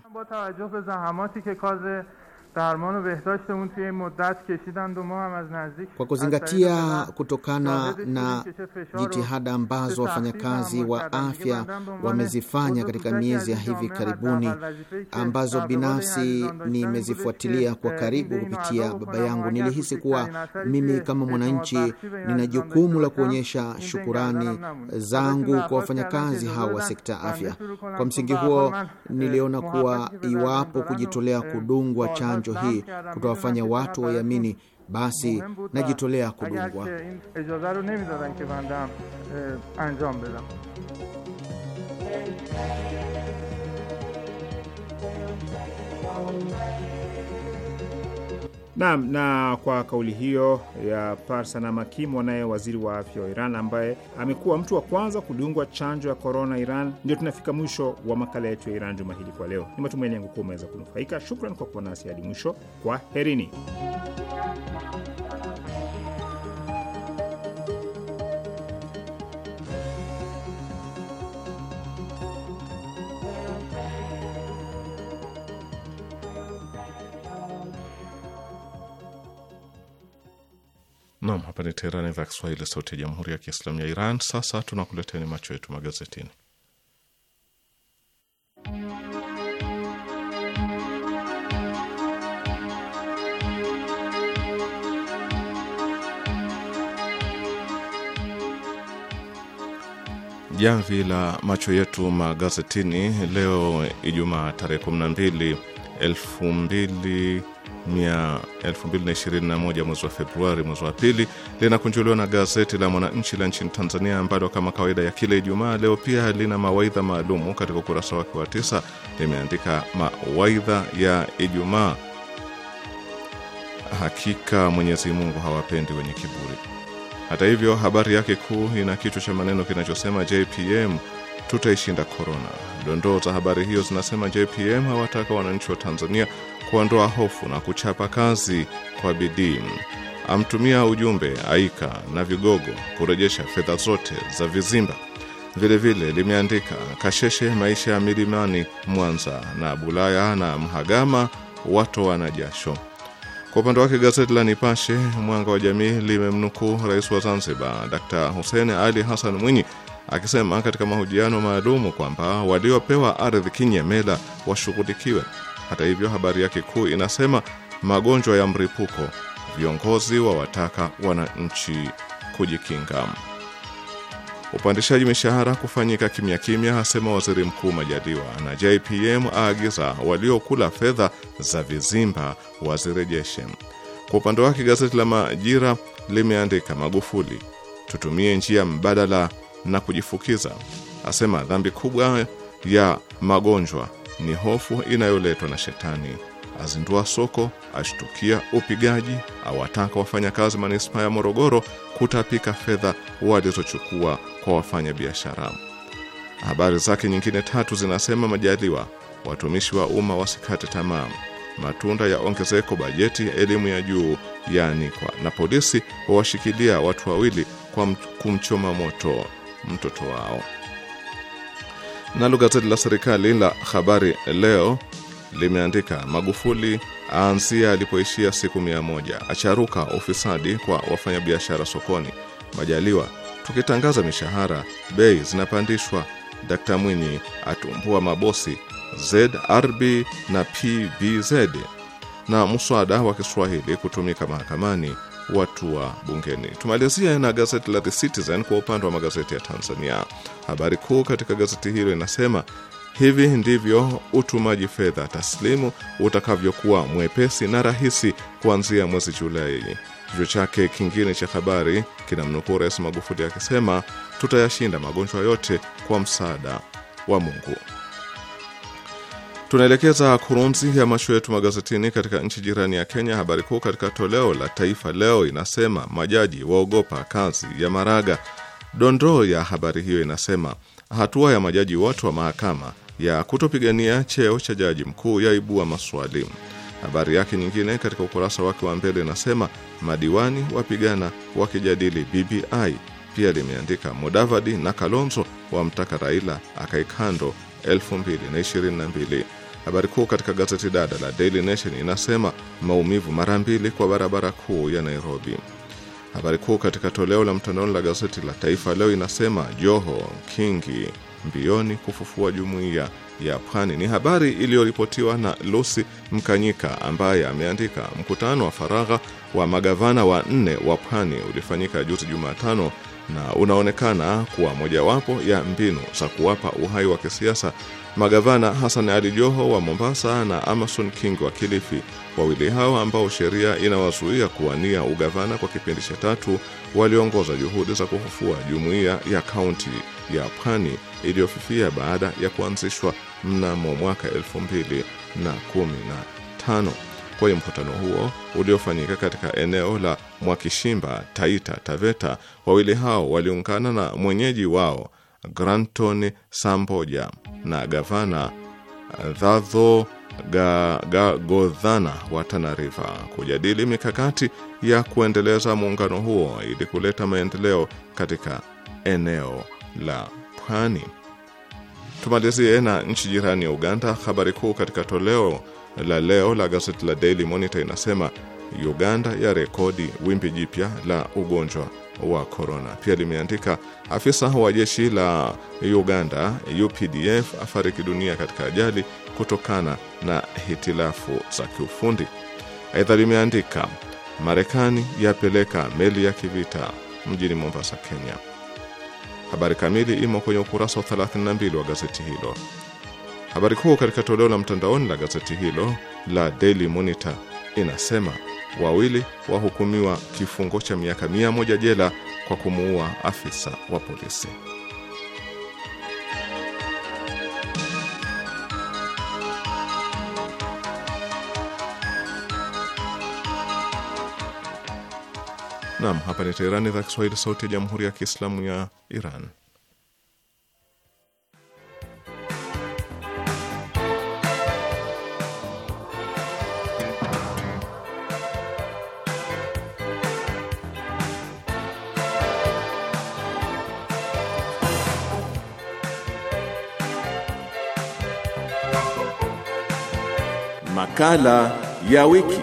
kwa kuzingatia kutokana na jitihada ambazo wafanyakazi wa afya wamezifanya katika miezi ya hivi karibuni, ambazo binafsi nimezifuatilia kwa karibu kupitia baba yangu, nilihisi kuwa mimi kama mwananchi nina jukumu la kuonyesha shukurani zangu kwa wafanyakazi hao wa sekta afya. Kwa msingi huo, niliona kuwa iwapo kujitolea kudungwa chanjo chanjo hii kutawafanya watu waiamini, basi najitolea kudungwa. Naam, na kwa kauli hiyo ya Parsa na anaye waziri wa afya wa Iran ambaye amekuwa mtu wa kwanza kudungwa chanjo ya korona Iran, ndio tunafika mwisho wa makala yetu ya Iran juma hili kwa leo. Ni matumaini yangu kuwa umeweza kunufaika. Shukran kwa kuwa nasi hadi mwisho. Kwa herini. Naam, hapa ni Teherani, idhaa ya Kiswahili, sauti ya jamhuri ya kiislamu ya Iran. Sasa ni macho yetu magazetini. Jamvi la macho yetu magazetini leo Ijumaa tarehe 12 elfu mbili ya 2021 mwezi wa Februari, mwezi wa pili, linakunjuliwa na gazeti la Mwananchi la nchini Tanzania, ambalo kama kawaida ya kila Ijumaa leo pia lina mawaidha maalumu. Katika ukurasa wake wa tisa limeandika mawaidha ya Ijumaa, hakika Mwenyezi Mungu hawapendi wenye kiburi. Hata hivyo, habari yake kuu ina kichwa cha maneno kinachosema JPM tutaishinda korona. Dondoo za habari hiyo zinasema JPM hawataka wananchi wa Tanzania kuondoa hofu na kuchapa kazi kwa bidii. Amtumia ujumbe aika na vigogo kurejesha fedha zote za vizimba. Vilevile vile, limeandika kasheshe maisha ya milimani Mwanza na Bulaya na Mhagama wato wana jasho. Kwa upande wake gazeti la Nipashe Mwanga wa Jamii limemnukuu rais wa Zanzibar Dr Hussein Ali Hassan Mwinyi akisema katika mahojiano maalumu kwamba waliopewa ardhi kinyemela washughulikiwe. Hata hivyo, habari yake kuu inasema magonjwa ya mripuko, viongozi wawataka wananchi kujikinga. Upandishaji mishahara kufanyika kimya kimya, asema waziri mkuu Majaliwa, na JPM aagiza waliokula fedha za vizimba wazirejeshe. Kwa upande wake gazeti la Majira limeandika Magufuli, tutumie njia mbadala na kujifukiza. Asema dhambi kubwa ya magonjwa ni hofu inayoletwa na Shetani. Azindua soko, ashtukia upigaji, awataka wafanyakazi manispaa ya Morogoro kutapika fedha walizochukua kwa wafanyabiashara. Habari zake nyingine tatu zinasema: Majaliwa, watumishi wa umma wasikate tamaa, matunda ya ongezeko bajeti ya elimu ya juu yaanikwa, na polisi wawashikilia watu wawili kwa kumchoma moto mtoto wao. Nalo gazeti la serikali la Habari Leo limeandika Magufuli aanzia alipoishia siku mia moja, acharuka ufisadi kwa wafanyabiashara sokoni. Majaliwa, tukitangaza mishahara bei zinapandishwa. Dkt Mwinyi atumbua mabosi ZRB na PVZ, na mswada wa Kiswahili kutumika mahakamani watu wa bungeni. Tumalizia na gazeti la The Citizen kwa upande wa magazeti ya Tanzania. Habari kuu katika gazeti hilo inasema hivi ndivyo utumaji fedha taslimu utakavyokuwa mwepesi na rahisi kuanzia mwezi Julai. Kichwa chake kingine cha habari kinamnukuu Rais Magufuli akisema tutayashinda magonjwa yote kwa msaada wa Mungu. Tunaelekeza kurunzi ya macho yetu magazetini katika nchi jirani ya Kenya. Habari kuu katika toleo la Taifa Leo inasema majaji waogopa kazi ya Maraga. Dondoo ya habari hiyo inasema hatua ya majaji wote wa mahakama ya kutopigania cheo cha jaji mkuu yaibua maswali. Habari yake nyingine katika ukurasa wake wa mbele inasema madiwani wapigana wakijadili BBI. Pia limeandika Mudavadi na Kalonzo wamtaka Raila akae kando 2022. Habari kuu katika gazeti dada la Daily Nation inasema maumivu mara mbili kwa barabara kuu ya Nairobi. Habari kuu katika toleo la mtandaoni la gazeti la Taifa Leo inasema Joho Kingi mbioni kufufua jumuiya ya Pwani. Ni habari iliyoripotiwa na Lucy Mkanyika ambaye ameandika mkutano wa faragha wa magavana wa nne wa Pwani ulifanyika juzi Jumatano na unaonekana kuwa mojawapo ya mbinu za kuwapa uhai wa kisiasa Magavana Hassan Ali Joho wa Mombasa na Amason King wa Kilifi. Wawili hao ambao sheria inawazuia kuwania ugavana kwa kipindi cha tatu, waliongoza juhudi za kufufua jumuiya ya kaunti ya Pwani iliyofifia baada ya kuanzishwa mnamo mwaka elfu na Kwenye mkutano huo uliofanyika katika eneo la Mwakishimba, Taita Taveta, wawili hao waliungana na mwenyeji wao Granton Samboja na gavana Dhadho Gagodhana wa Tana River kujadili mikakati ya kuendeleza muungano huo ili kuleta maendeleo katika eneo la pwani. Tumalizie na nchi jirani ya Uganda. Habari kuu katika toleo la leo la gazeti la Daily Monitor inasema Uganda ya rekodi wimbi jipya la ugonjwa wa korona. Pia limeandika afisa wa jeshi la Uganda UPDF afariki dunia katika ajali kutokana na hitilafu za kiufundi. Aidha limeandika Marekani yapeleka meli ya kivita mjini Mombasa, Kenya. Habari kamili imo kwenye ukurasa wa 32 wa gazeti hilo. Habari kuu katika toleo la mtandaoni la gazeti hilo la Daily Monitor inasema wawili wahukumiwa kifungo cha miaka mia moja jela kwa kumuua afisa wa polisi. nam hapa ni Teherani, idhaa Kiswahili, sauti ya jamhuri ya kiislamu ya Iran. Makala ya wiki.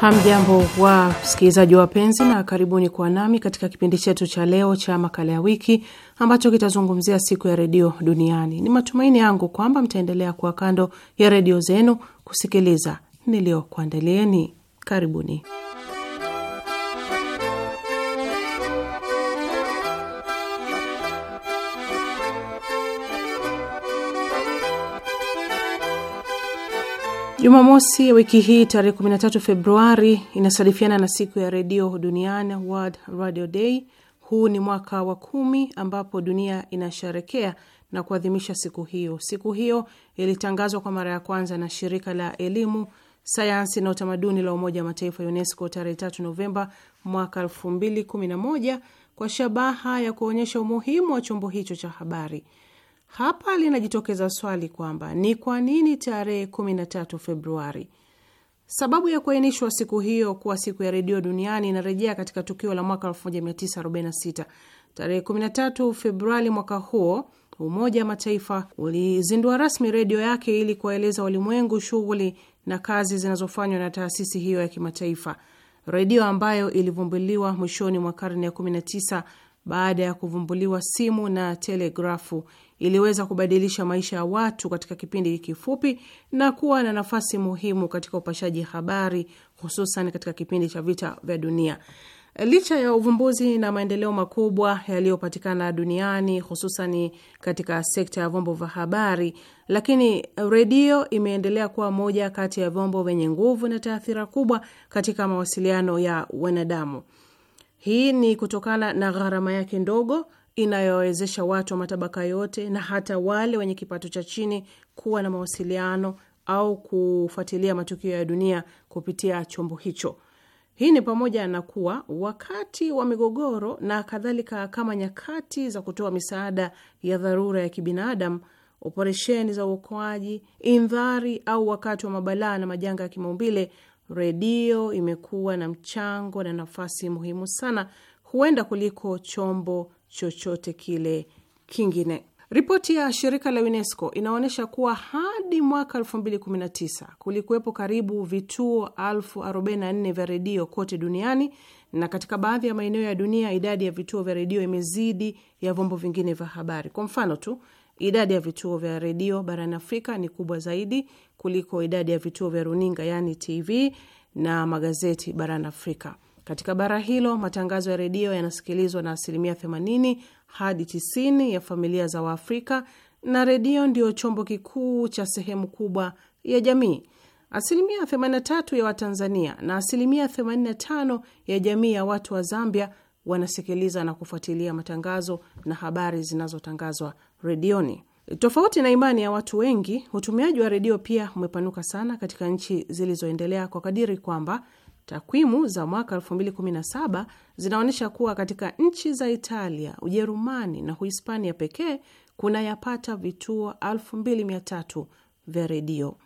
Hamjambo wa msikilizaji wapenzi, na karibuni kwa nami katika kipindi chetu cha leo cha makala ya wiki ambacho kitazungumzia siku ya redio duniani. Ni matumaini yangu kwamba mtaendelea kuwa kando ya redio zenu kusikiliza niliyokuandalieni. Karibuni. Jumamosi wiki hii tarehe 13 Februari inasadifiana na siku ya redio duniani, World Radio Day. Huu ni mwaka wa kumi ambapo dunia inasherekea na kuadhimisha siku hiyo. Siku hiyo ilitangazwa kwa mara ya kwanza na shirika la elimu, sayansi na utamaduni la Umoja wa Mataifa, UNESCO, tarehe 3 Novemba mwaka 2011 kwa shabaha ya kuonyesha umuhimu wa chombo hicho cha habari hapa linajitokeza swali kwamba ni kwa nini tarehe 13 Februari? Sababu ya kuainishwa siku hiyo kuwa siku ya redio duniani inarejea katika tukio la mwaka 1946. Tarehe 13 Februari mwaka huo Umoja wa Mataifa ulizindua rasmi redio yake ili kuwaeleza walimwengu shughuli na kazi zinazofanywa na taasisi hiyo ya kimataifa. Redio ambayo ilivumbuliwa mwishoni mwa karne ya 19 baada ya kuvumbuliwa simu na telegrafu iliweza kubadilisha maisha ya watu katika kipindi kifupi na kuwa na nafasi muhimu katika upashaji habari, hususan katika kipindi cha vita vya dunia. Licha ya uvumbuzi na maendeleo makubwa yaliyopatikana duniani hususan katika sekta ya vyombo vya habari, lakini redio imeendelea kuwa moja kati ya vyombo vyenye nguvu na taathira kubwa katika mawasiliano ya wanadamu. Hii ni kutokana na gharama yake ndogo inayowawezesha watu wa matabaka yote na hata wale wenye kipato cha chini kuwa na mawasiliano au kufuatilia matukio ya dunia kupitia chombo hicho. Hii ni pamoja na kuwa wakati wa migogoro na kadhalika, kama nyakati za kutoa misaada ya dharura ya kibinadamu, operesheni za uokoaji, indhari au wakati wa mabalaa na majanga ya kimaumbile, redio imekuwa na mchango na nafasi muhimu sana, huenda kuliko chombo chochote kile kingine. Ripoti ya shirika la UNESCO inaonyesha kuwa hadi mwaka 2019 kulikuwepo karibu vituo 44 vya redio kote duniani, na katika baadhi ya maeneo ya dunia idadi ya vituo vya redio imezidi ya vyombo vingine vya habari. Kwa mfano tu, idadi ya vituo vya redio barani Afrika ni kubwa zaidi kuliko idadi ya vituo vya runinga yani TV na magazeti barani Afrika. Katika bara hilo matangazo ya redio yanasikilizwa na asilimia 80 hadi 90 ya familia za Waafrika, na redio ndio chombo kikuu cha sehemu kubwa ya jamii. Asilimia 83 ya Watanzania na asilimia 85 ya jamii ya watu wa Zambia wanasikiliza na kufuatilia matangazo na habari zinazotangazwa redioni. Tofauti na imani ya watu wengi, utumiaji wa redio pia umepanuka sana katika nchi zilizoendelea kwa kadiri kwamba takwimu za mwaka 2017 zinaonyesha kuwa katika nchi za Italia, Ujerumani na Uhispania pekee kunayapata vituo 2300 vya redio.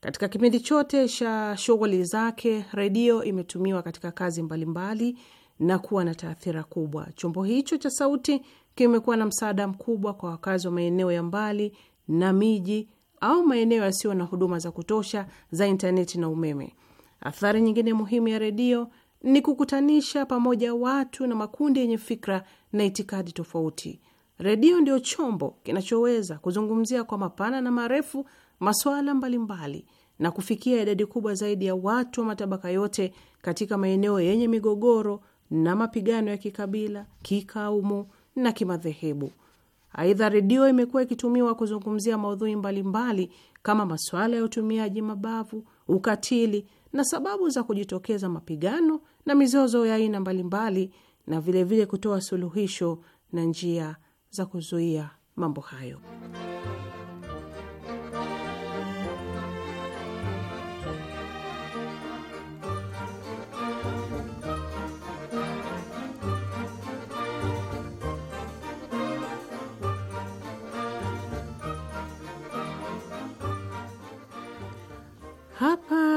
Katika kipindi chote cha shughuli zake, redio imetumiwa katika kazi mbalimbali na kuwa na taathira kubwa. Chombo hicho cha sauti kimekuwa na msaada mkubwa kwa wakazi wa maeneo ya mbali na miji au maeneo yasiyo na huduma za kutosha za intaneti na umeme. Athari nyingine muhimu ya redio ni kukutanisha pamoja watu na makundi yenye fikra na itikadi tofauti. Redio ndio chombo kinachoweza kuzungumzia kwa mapana na marefu masuala mbalimbali na kufikia idadi kubwa zaidi ya watu wa matabaka yote katika maeneo yenye migogoro na mapigano ya kikabila, kikaumu na kimadhehebu. Aidha, redio imekuwa ikitumiwa kuzungumzia maudhui mbalimbali mbali, kama masuala ya utumiaji mabavu, ukatili na sababu za kujitokeza mapigano na mizozo ya aina mbalimbali, na vilevile vile kutoa suluhisho na njia za kuzuia mambo hayo.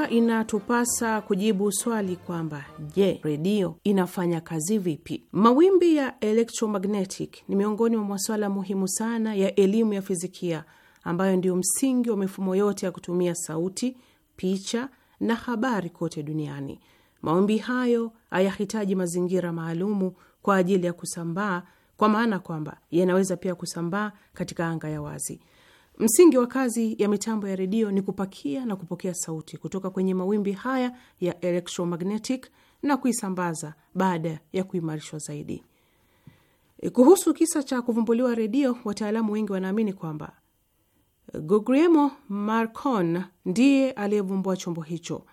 inatupasa kujibu swali kwamba je, redio inafanya kazi vipi? Mawimbi ya electromagnetic ni miongoni mwa masuala muhimu sana ya elimu ya fizikia ambayo ndio msingi wa mifumo yote ya kutumia sauti, picha na habari kote duniani. Mawimbi hayo hayahitaji mazingira maalumu kwa ajili ya kusambaa, kwa maana kwamba yanaweza pia kusambaa katika anga ya wazi. Msingi wa kazi ya mitambo ya redio ni kupakia na kupokea sauti kutoka kwenye mawimbi haya ya electromagnetic na kuisambaza baada ya kuimarishwa zaidi. E, kuhusu kisa cha kuvumbuliwa redio, wataalamu wengi wanaamini kwamba e, Guglielmo Marconi ndiye aliyevumbua chombo hicho.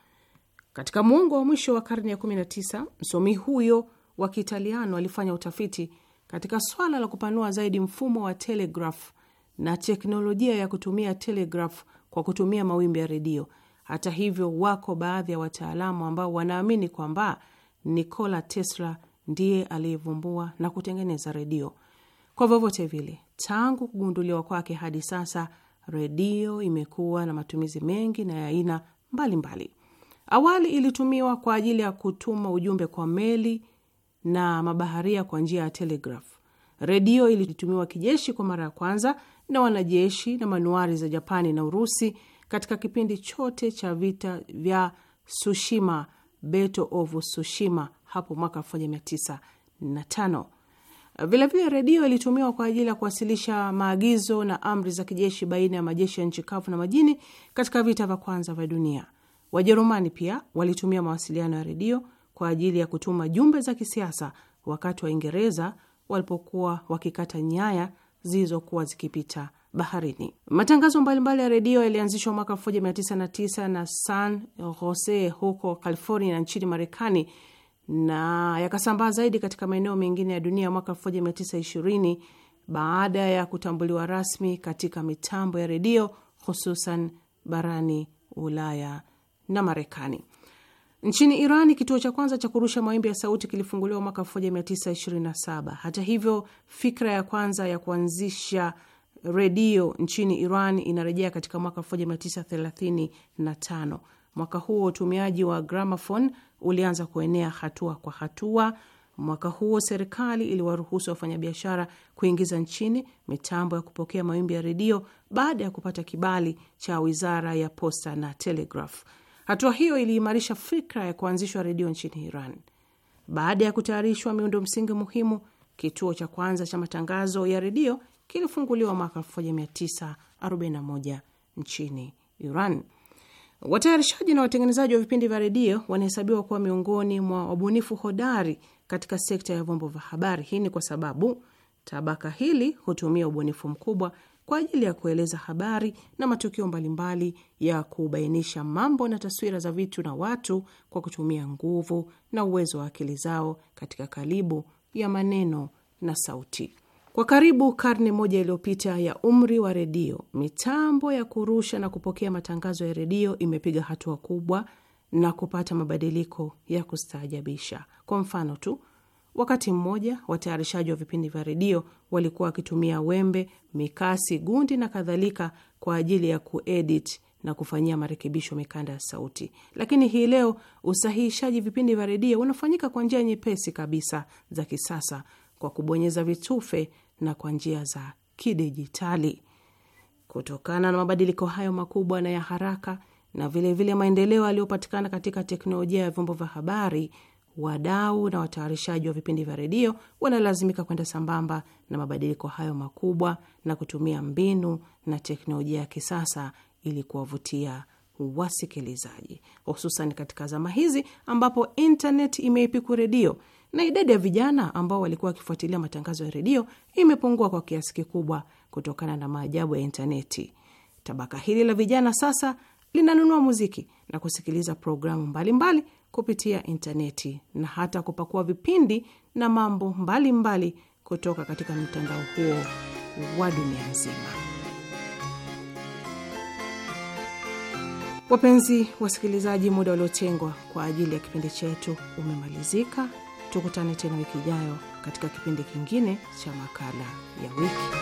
Katika muongo wa mwisho wa karne ya 19, msomi huyo wa Kiitaliano alifanya utafiti katika swala la kupanua zaidi mfumo wa telegraph na teknolojia ya kutumia telegraph kwa kutumia mawimbi ya redio. Hata hivyo, wako baadhi ya wataalamu ambao wanaamini kwamba Nikola Tesla ndiye aliyevumbua na kutengeneza redio. Kwa vyovyote vile, tangu kugunduliwa kwake hadi sasa, redio imekuwa na matumizi mengi na ya aina mbalimbali. Awali ilitumiwa kwa ajili ya kutuma ujumbe kwa meli na mabaharia kwa njia ya telegraph. Redio ilitumiwa kijeshi kwa mara ya kwanza na wanajeshi na manuari za Japani na Urusi katika kipindi chote cha vita vya Tsushima, Battle of Tsushima hapo mwaka 1905. Vilevile redio ilitumiwa kwa ajili ya kuwasilisha maagizo na amri za kijeshi baina ya majeshi ya nchi kavu na majini katika vita vya kwanza vya dunia. Wajerumani pia walitumia mawasiliano ya redio kwa ajili ya kutuma jumbe za kisiasa wakati Waingereza walipokuwa wakikata nyaya zilizokuwa zikipita baharini. Matangazo mbalimbali ya redio yalianzishwa mwaka 1909 na San Jose huko California nchini Marekani na yakasambaa zaidi katika maeneo mengine ya dunia mwaka 1920 baada ya kutambuliwa rasmi katika mitambo ya redio hususan barani Ulaya na Marekani. Nchini Irani, kituo cha kwanza cha kurusha mawimbi ya sauti kilifunguliwa mwaka 1927. Hata hivyo, fikra ya kwanza ya kuanzisha redio nchini Iran inarejea katika mwaka 1935. Mwaka huo utumiaji wa gramafon ulianza kuenea hatua kwa hatua. Mwaka huo serikali iliwaruhusu wafanyabiashara kuingiza nchini mitambo ya kupokea mawimbi ya redio baada ya kupata kibali cha wizara ya posta na telegraph. Hatua hiyo iliimarisha fikra ya kuanzishwa redio nchini Iran. Baada ya kutayarishwa miundo msingi muhimu, kituo cha kwanza cha matangazo ya redio kilifunguliwa mwaka 1941 nchini Iran. Watayarishaji na watengenezaji wa vipindi vya redio wanahesabiwa kuwa miongoni mwa wabunifu hodari katika sekta ya vyombo vya habari. Hii ni kwa sababu tabaka hili hutumia ubunifu mkubwa kwa ajili ya kueleza habari na matukio mbalimbali ya kubainisha mambo na taswira za vitu na watu kwa kutumia nguvu na uwezo wa akili zao katika kalibu ya maneno na sauti. Kwa karibu karne moja iliyopita ya umri wa redio, mitambo ya kurusha na kupokea matangazo ya redio imepiga hatua kubwa na kupata mabadiliko ya kustaajabisha. Kwa mfano tu Wakati mmoja watayarishaji wa vipindi vya redio walikuwa wakitumia wembe, mikasi, gundi na kadhalika kwa ajili ya kuedit na kufanyia marekebisho mikanda ya sauti, lakini hii leo usahihishaji vipindi vya redio unafanyika kwa njia nyepesi kabisa za kisasa kwa kubonyeza vitufe na kwa njia za kidijitali. Kutokana na mabadiliko hayo makubwa na ya haraka na vilevile vile maendeleo yaliyopatikana katika teknolojia ya vyombo vya habari, wadau na watayarishaji wa vipindi vya redio wanalazimika kwenda sambamba na mabadiliko hayo makubwa na kutumia mbinu na teknolojia ya kisasa ili kuwavutia wasikilizaji, hususan katika zama hizi ambapo intnet imeipiku redio na idadi ya vijana ambao walikuwa wakifuatilia matangazo ya redio imepungua kwa kiasi kikubwa kutokana na maajabu ya intaneti. Tabaka hili la vijana sasa linanunua muziki na kusikiliza programu mbalimbali mbali kupitia intaneti na hata kupakua vipindi na mambo mbalimbali mbali kutoka katika mtandao huo wa dunia nzima. Wapenzi wasikilizaji, muda uliotengwa kwa ajili ya kipindi chetu umemalizika. Tukutane tena wiki ijayo katika kipindi kingine cha makala ya wiki.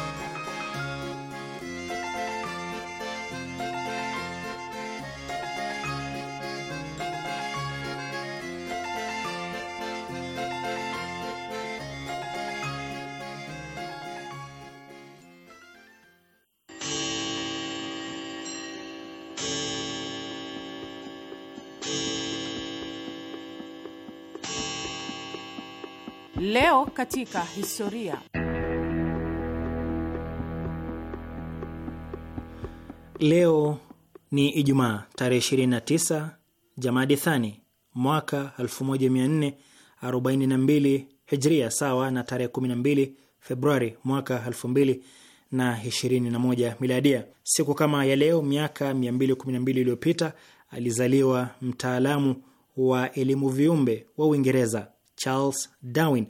Leo katika historia. Leo ni Ijumaa tarehe 29 Jamadi Thani mwaka 1442 Hijria, sawa na tarehe 12 Februari mwaka 2021 Miladia. Siku kama ya leo miaka 212 iliyopita alizaliwa mtaalamu wa elimu viumbe wa Uingereza Charles Darwin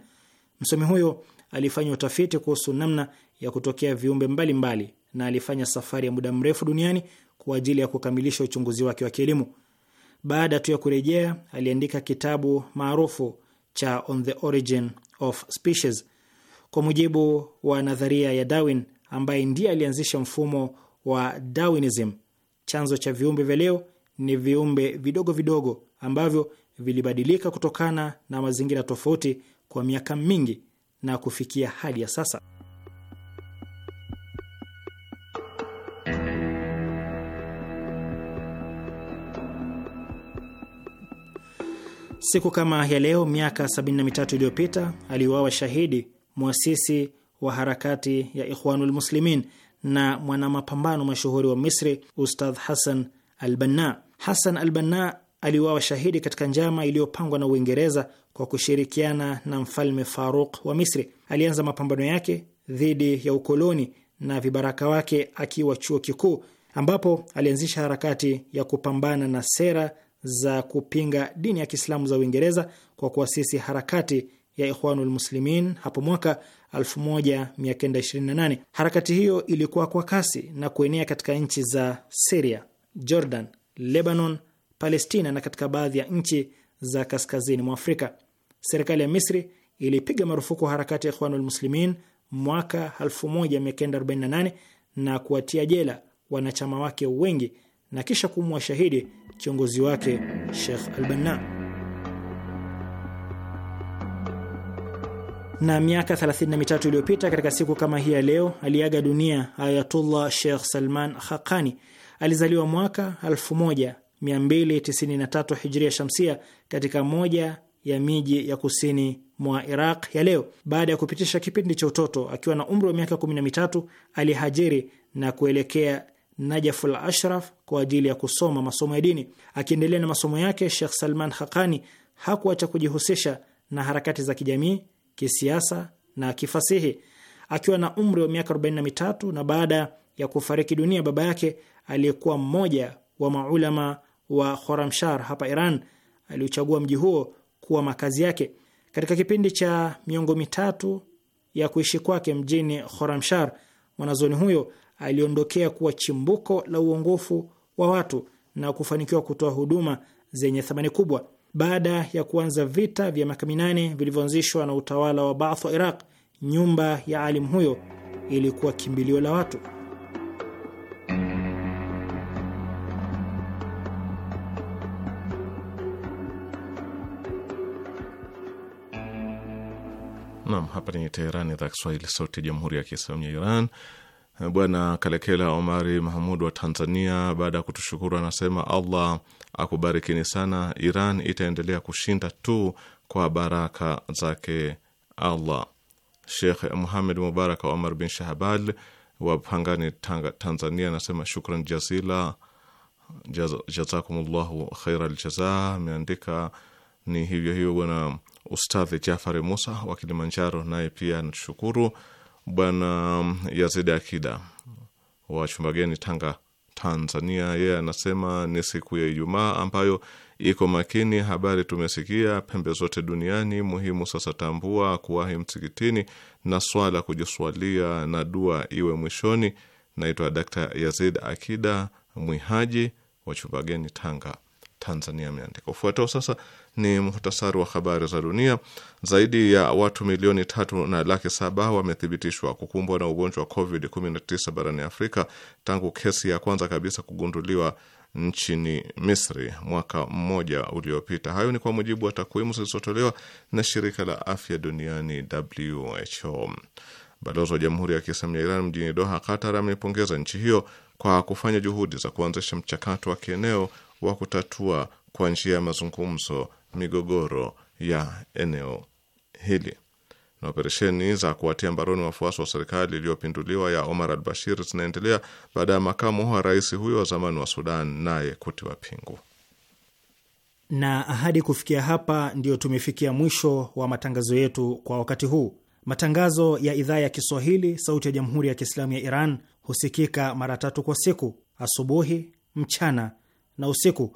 Msomi huyo alifanya utafiti kuhusu namna ya kutokea viumbe mbalimbali mbali, na alifanya safari ya muda mrefu duniani kwa ajili ya kukamilisha uchunguzi wake wa kielimu. Baada tu ya kurejea, aliandika kitabu maarufu cha On the Origin of Species. Kwa mujibu wa nadharia ya Darwin, ambaye ndiye alianzisha mfumo wa Darwinism, chanzo cha viumbe vya leo ni viumbe vidogo vidogo ambavyo vilibadilika kutokana na mazingira tofauti kwa miaka mingi na kufikia hali ya sasa. Siku kama ya leo miaka 73 iliyopita aliuawa shahidi mwasisi wa harakati ya Ikhwanul Muslimin na mwanamapambano mashuhuri wa Misri Ustadh Hassan Albanna. Hassan Albanna aliuawa shahidi katika njama iliyopangwa na Uingereza kwa kushirikiana na mfalme Faruk wa Misri. Alianza mapambano yake dhidi ya ukoloni na vibaraka wake akiwa chuo kikuu, ambapo alianzisha harakati ya kupambana na sera za kupinga dini ya Kiislamu za Uingereza kwa kuasisi harakati ya Ikhwanul Muslimin hapo mwaka 1928. Harakati hiyo ilikuwa kwa kasi na kuenea katika nchi za siria Jordan, Lebanon, Palestina na katika baadhi ya nchi za kaskazini mwa Afrika serikali ya Misri ilipiga marufuku harakati ya Ikhwanul Muslimin mwaka 1948 na kuwatia jela wanachama wake wengi na kisha kumwa shahidi kiongozi wake Sheikh Albanna. na miaka 33 iliyopita katika siku kama hii ya leo aliaga dunia Ayatullah Sheikh Salman haqani Alizaliwa mwaka 1293 Hijria Shamsia katika moja ya miji ya kusini mwa Iraq ya leo. Baada ya kupitisha kipindi cha utoto akiwa na umri wa miaka kumi na mitatu, alihajiri na kuelekea al Ashraf kwa ajili ya kusoma masomo ya dini. Akiendelea na masomo yake, Sheikh Salman Haqqani hakuacha kujihusisha na harakati za kijamii, kisiasa na kifasihi. Akiwa na umri wa miaka 43 na baada ya kufariki dunia baba yake aliyekuwa mmoja wa maulama wa Khoramshar hapa Iran, aliuchagua mji huo kuwa makazi yake. Katika kipindi cha miongo mitatu ya kuishi kwake mjini Khoramshar, mwanazoni huyo aliondokea kuwa chimbuko la uongofu wa watu na kufanikiwa kutoa huduma zenye thamani kubwa. Baada ya kuanza vita vya miaka minane vilivyoanzishwa na utawala wa Baath wa Iraq, nyumba ya alim huyo ilikuwa kimbilio la watu. Nam, hapa ni Teheran, idhaa Kiswahili, sauti ya jamhuri ya kiislamu ya Iran. Bwana Kalekela Omari Mahmud wa Tanzania, baada ya kutushukuru anasema Allah akubarikini sana. Iran itaendelea kushinda tu kwa baraka zake Allah. Shekh Muhamed Mubarak Omar bin Shahbal wa Pangani, Tanzania, anasema shukran jazila, jaz, jazakumullahu khaira aljazaa. Ameandika ni hivyo hivyo bwana Ustadhi Jafari Musa wa Kilimanjaro, naye pia anatushukuru. Bwana Yazidi Akida wa Chumbageni, Tanga, Tanzania, yeye anasema ni siku ya Ijumaa ambayo iko makini. Habari tumesikia pembe zote duniani, muhimu sasa tambua kuwahi msikitini na swala kujiswalia na dua iwe mwishoni. Naitwa Dkt. Yazid Akida Mwihaji wa Chumbageni, Tanga, Tanzania. Ameandika ufuatao sasa ni muhtasari wa habari za dunia. Zaidi ya watu milioni tatu na laki saba wamethibitishwa kukumbwa na ugonjwa wa COVID-19 barani Afrika tangu kesi ya kwanza kabisa kugunduliwa nchini Misri mwaka mmoja uliopita. Hayo ni kwa mujibu wa takwimu zilizotolewa na shirika la afya duniani WHO. Balozi wa Jamhuri ya Kiislamu ya Iran mjini Doha, Qatar, ameipongeza nchi hiyo kwa kufanya juhudi za kuanzisha mchakato wa kieneo wa kutatua kwa njia ya mazungumzo migogoro ya eneo hili. Na operesheni za kuwatia mbaroni wafuasi wa serikali iliyopinduliwa ya Omar al Bashir zinaendelea baada ya makamu wa rais huyo wa zamani wa Sudan naye kutiwa pingu. Na ahadi kufikia hapa, ndiyo tumefikia mwisho wa matangazo yetu kwa wakati huu. Matangazo ya idhaa ya Kiswahili sauti ya jamhuri ya Kiislamu ya Iran husikika mara tatu kwa siku: asubuhi, mchana na usiku.